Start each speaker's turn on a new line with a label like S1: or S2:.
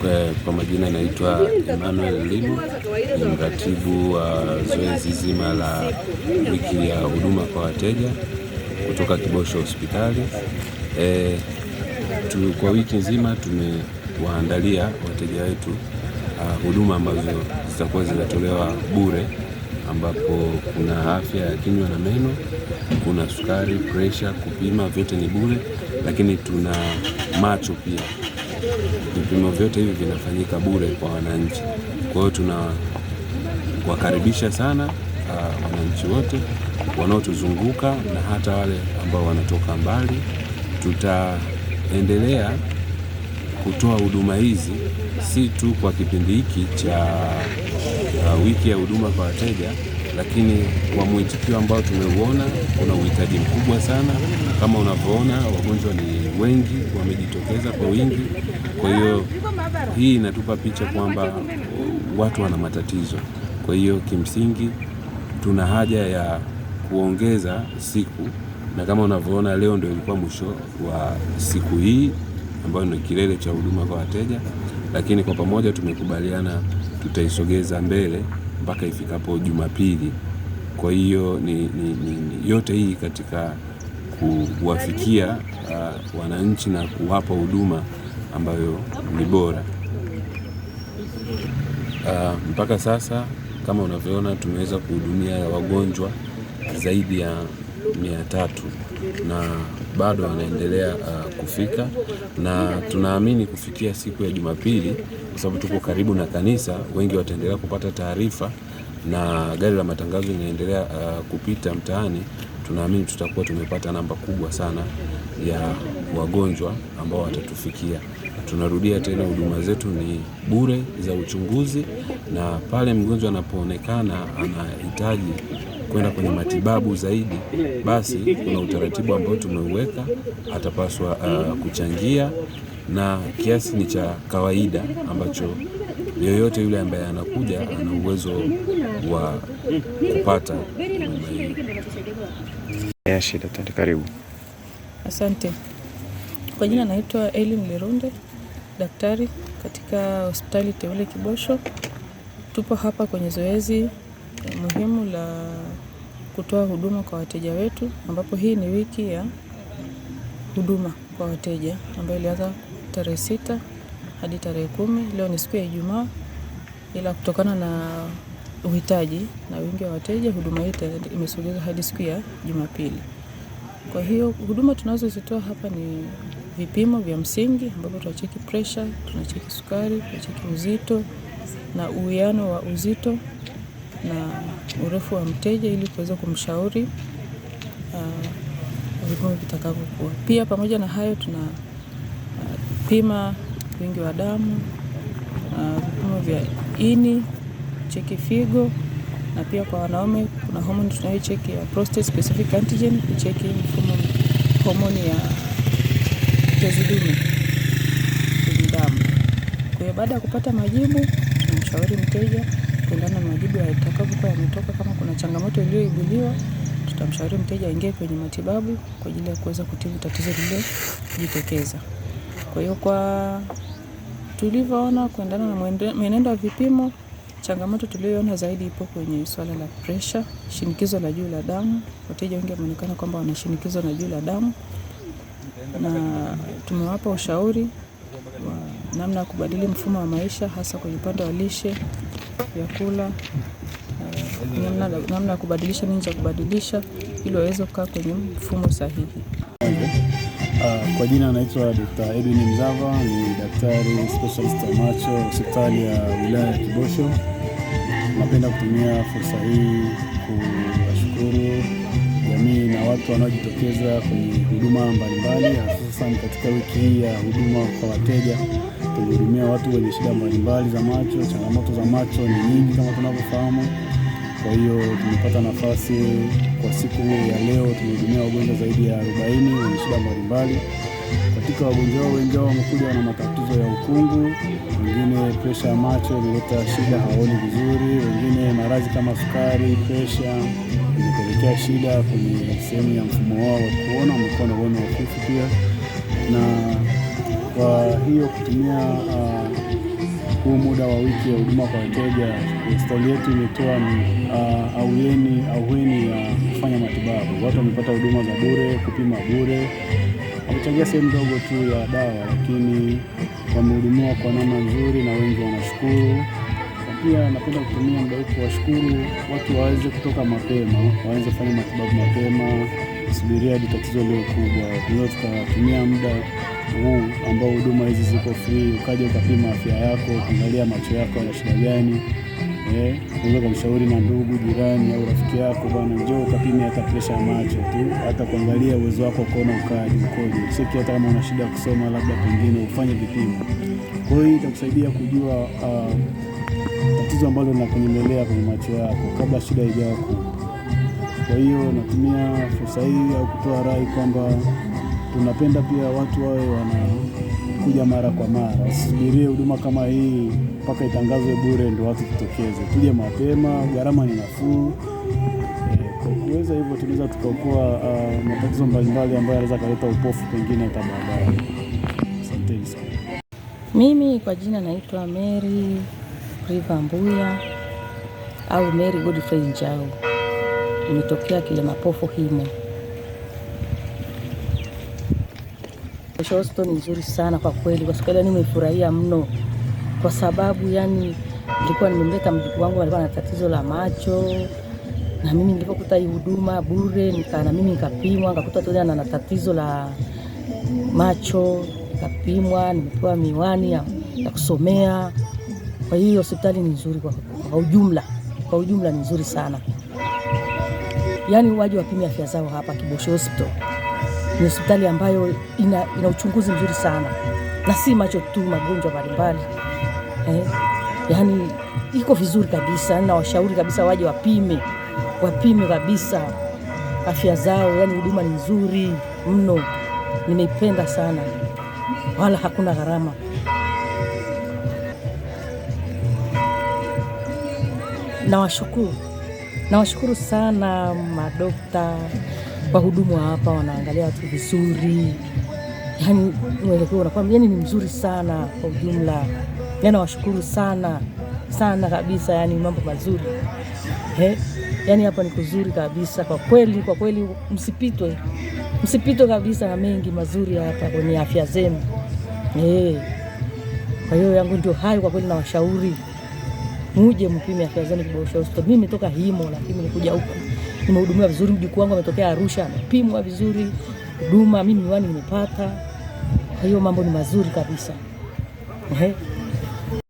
S1: Kwa, eh, kwa majina inaitwa Emmanuel limu ni mratibu wa zoezi zima la wiki ya huduma kwa wateja kutoka Kibosho Hospitali. E, tu, kwa wiki nzima tumewaandalia wateja wetu uh, huduma ambazo zitakuwa zinatolewa bure ambapo kuna afya ya kinywa na meno, kuna sukari, presha, kupima, vyote ni bure, lakini tuna macho pia Vipimo vyote hivi vinafanyika bure kwa wananchi. Kwa hiyo tunawakaribisha sana uh, wananchi wote wanaotuzunguka na hata wale ambao wanatoka mbali. Tutaendelea kutoa huduma hizi si tu kwa kipindi hiki cha uh, wiki ya huduma kwa wateja, lakini kwa mwitikio ambao tumeuona, kuna uhitaji mkubwa sana. Kama unavyoona, wagonjwa ni wengi, wamejitokeza kwa wingi. Kwa hiyo hii inatupa picha kwamba uh, watu wana matatizo. Kwa hiyo kimsingi tuna haja ya kuongeza siku, na kama unavyoona leo ndio ilikuwa mwisho wa siku hii ambayo ni kilele cha huduma kwa wateja, lakini kwa pamoja tumekubaliana tutaisogeza mbele mpaka ifikapo Jumapili. Kwa hiyo ni, ni, ni, yote hii katika kuwafikia uh, wananchi na kuwapa huduma ambayo ni bora. Uh, mpaka sasa kama unavyoona tumeweza kuhudumia wagonjwa zaidi ya mia tatu na bado wanaendelea uh, kufika na tunaamini kufikia siku ya Jumapili, kwa sababu tuko karibu na kanisa, wengi wataendelea kupata taarifa na gari la matangazo linaendelea uh, kupita mtaani. Tunaamini tutakuwa tumepata namba kubwa sana ya wagonjwa ambao watatufikia. Tunarudia tena, huduma zetu ni bure za uchunguzi, na pale mgonjwa anapoonekana anahitaji kwenda kwenye matibabu zaidi, basi kuna utaratibu ambao tumeuweka, atapaswa uh, kuchangia na kiasi ni cha kawaida ambacho yoyote yule ambaye anakuja ana uwezo wa kupata Shida hiyo. karibu.
S2: Asante. Kwa jina naitwa Elim lerunde daktari katika hospitali teule Kibosho. Tupo hapa kwenye zoezi eh, muhimu la kutoa huduma kwa wateja wetu, ambapo hii ni wiki ya huduma kwa wateja ambayo ilianza tarehe sita hadi tarehe kumi. Leo ni siku ya Ijumaa, ila kutokana na uhitaji na wingi wa wateja, huduma hii imesogezwa hadi siku ya Jumapili. Kwa hiyo huduma tunazozitoa hapa ni vipimo vya msingi ambapo tunacheki pressure, tunacheki sukari, tunacheki uzito na uwiano wa uzito na urefu wa mteja ili kuweza kumshauri uh, vipimo vitakavyokuwa. Pia pamoja na hayo tuna uh, pima wingi wa damu uh, vipimo vya ini, cheki figo na pia kwa wanaume kuna homoni tunayocheki ya prostate specific antigen, kucheki mfumo homoni ya tezi dume kwenye damu. Kwa hiyo baada ya kupata majibu, tunamshauri mteja kuendana na majibu yatakayokuwa yametoka. Kama kuna changamoto iliyoibuliwa, tutamshauri mteja aingie kwenye matibabu kwa ajili ya kuweza kutibu tatizo lililojitokeza. Kwa hiyo kwa tulivyoona kuendana na mwenendo wa vipimo, changamoto tuliyoona zaidi ipo kwenye swala la pressure, shinikizo la juu la damu. Wateja wengi wameonekana kwamba wana shinikizo la juu la damu na tumewapa ushauri wa namna ya kubadili mfumo wa maisha hasa kwenye upande wa lishe, vyakula, eh, namna ya kubadilisha, nini za kubadilisha ili waweze kukaa kwenye mfumo sahihi.
S3: Ah, kwa jina anaitwa Dr. Edwin Mzava, ni daktari specialist wa macho hospitali ya wilaya ya Kibosho. Napenda kutumia fursa hii kuwashukuru jamii na watu wanaojitokeza kwenye huduma mbalimbali, hususan katika wiki hii ya huduma kwa wateja. Tumehudumia watu wenye shida mbalimbali za macho. Changamoto za macho ni nyingi kama tunavyofahamu, kwa hiyo tumepata nafasi kwa siku ya leo, tumehudumia wagonjwa zaidi ya 40 wenye shida mbalimbali. Katika wagonjwa wengi wao wamekuja na matatizo ya ukungu wengine presha ya macho imeleta shida, haoni vizuri, wengine maradhi kama sukari, presha imepelekea shida kwenye sehemu ya mfumo wao wa kuona, wamekuwa na uoni hafifu pia. Na kwa hiyo kutumia ah, huu uh, muda wa wiki ya huduma kwa wateja, hospitali yetu imetoa uh, ah, aueni aueni ya uh, kufanya matibabu. Watu wamepata huduma za bure, kupima bure, wamechangia sehemu ndogo tu ya dawa, lakini wamehudumiwa kwa namna nzuri na wengi wanashukuru. Pia napenda kutumia muda huu kuwashukuru watu waweze kutoka mapema, waweze kufanya matibabu mapema, subiria hadi tatizo lio kubwa. Tunaweza tutatumia muda huu ambao huduma hizi ziko free, ukaja ukapima afya yako, kuangalia macho yako yana shida gani eh, unaweza kumshauri na ndugu jirani au rafiki yako, bwana, njoo ukapime hata presha ya macho tu, hata kuangalia uwezo wako kuona ukali ukoje. Cheki hata kama una shida ya kusoma, labda pengine ufanye vipimo. Kwa hiyo itakusaidia kujua uh, tatizo ambalo linakunyemelea kwenye macho yako kabla shida ijawa kubwa. Kwa hiyo natumia fursa hii au kutoa rai kwamba tunapenda pia watu wawe wana kuja mara kwa mara. Usisubirie huduma kama hii mpaka itangazwe bure ndio watu kutokeze, Kuja mapema, gharama ni nafuu. Eh, kwa kuweza hivyo, tunaweza tukaokoa uh, matatizo mbalimbali ambayo yanaweza kaleta upofu pengine hata baadaye. Asanteni
S4: sana. Mimi kwa jina naitwa Mary Riva Mbuya au Mary Godfrey Njau, nimetokea Kilemapofu Himo. hosto ni nzuri sana kwa kweli, kwa sababu nimefurahia mno kwa sababu yani nilikuwa nimemleta mjukuu wangu alikuwa na tatizo la macho, na mimi nilipokuta hii huduma bure nika na mimi nikapimwa nikakuta tena na tatizo la macho nikapimwa, nimepewa miwani ya, ya kusomea. Kwa hiyo hospitali ni nzuri kwa, kwa ujumla, kwa ujumla ni nzuri sana, yaani waje wapime afya zao hapa Kibosho Hospital ni hospitali ambayo ina, ina uchunguzi mzuri sana na si macho tu, magonjwa mbalimbali eh, yani iko vizuri kabisa. Na washauri kabisa waje wapime, wapime kabisa afya zao, yani huduma ni nzuri mno, nimeipenda sana, wala hakuna gharama. Nawashukuru, nawashukuru sana madokta wahudumu wa hapa wanaangalia watu vizuri, yani mwelekeo unakuwa yani ni mzuri sana kwa ujumla, yani washukuru sana sana kabisa, yani mambo mazuri He? yani hapa ni kuzuri kabisa kwa kweli, kwa kweli msipitwe, msipitwe kabisa na mengi mazuri hapa kwenye afya zenu eh. Kwa hiyo yangu ndio hayo kwa kweli, na washauri muje mpime afya zenu Kibosho Hospital. Mimi toka himo, lakini nikuja huku nimehudumiwa vizuri. Mjukuu wangu ametokea Arusha, amepimwa vizuri, huduma mimi miwani nimepata. Kwa hiyo mambo ni mazuri kabisa.